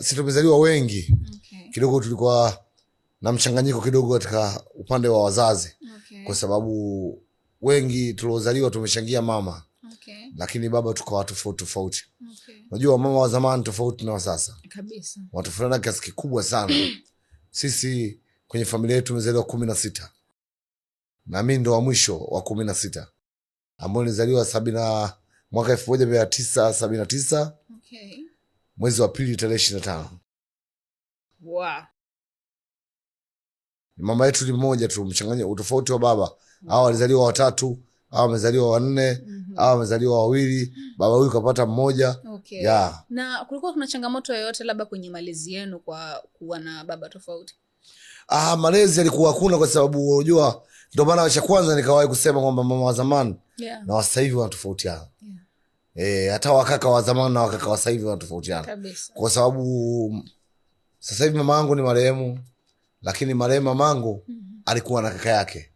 si tumezaliwa wengi okay. Kidogo tulikuwa na mchanganyiko kidogo katika upande wa wazazi okay. Kwa sababu wengi tuliozaliwa tumeshangia mama okay. Lakini baba tukawa tofauti tofauti unajua okay. mama wa zamani tofauti na wa sasa kabisa, wanatofautiana kiasi kikubwa sana sisi kwenye familia yetu tumezaliwa kumi na sita na mi ndo wa mwisho wa kumi na sita ambao nilizaliwa sabini mwaka elfu moja mia tisa sabini na tisa okay mwezi wa pili tarehe ishirini na tano. Wow. Mama yetu ni mmoja tu, mchanganya utofauti wa baba mm. Awa walizaliwa watatu, awa wamezaliwa wanne mm -hmm. Awa wamezaliwa wawili, baba huyu kapata mmoja okay. Yeah. Na kulikuwa kuna changamoto yoyote labda kwenye malezi yenu kwa kuwa na baba tofauti? Ah, malezi yalikuwa hakuna, kwa sababu unajua, ndo maana cha kwanza nikawahi kusema kwamba mama wa zamani yeah. na wasahivi wanatofautiana yeah. E, hata wakaka wa zamani na wakaka wa sahivi wanatofautiana kwa sababu sasa hivi mama yangu ni marehemu, lakini marehemu mamangu mm -hmm. alikuwa na kaka yake,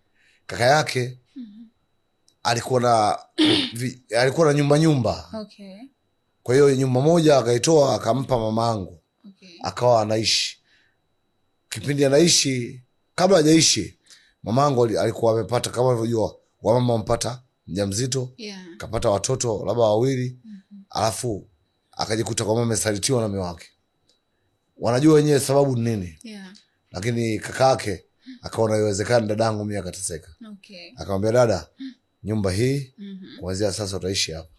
kaka yake mm -hmm. alikuwa na vi, alikuwa na nyumba nyumba, okay. kwa hiyo nyumba moja akaitoa akampa mamangu, okay. akawa anaishi kipindi anaishi, kabla ajaishi mamangu alikuwa amepata, kama alivyojua wamama wampata mjamzito yeah. kapata watoto labda wawili mm -hmm. alafu akajikuta kwamba amesalitiwa na mume wake, wanajua wenyewe sababu ni nini yeah. lakini kakaake akaona iwezekani dadangu mie akateseka okay. akamwambia dada, mm. nyumba hii mm -hmm. kuanzia sasa utaishi hapa